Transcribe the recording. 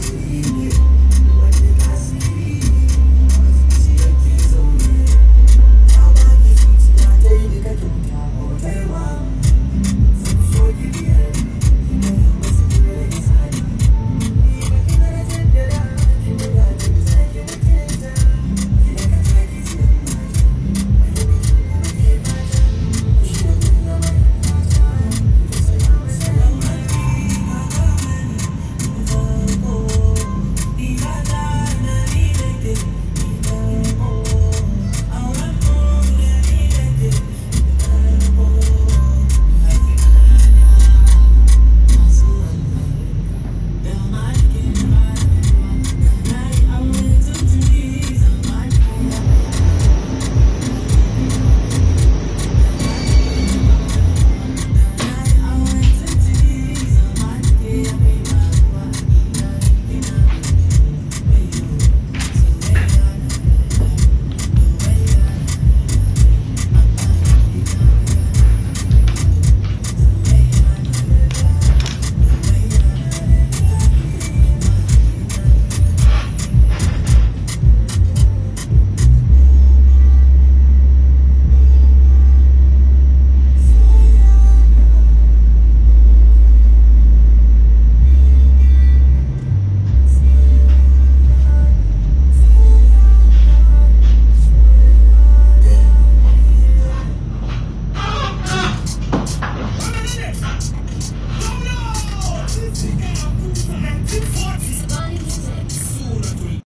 Música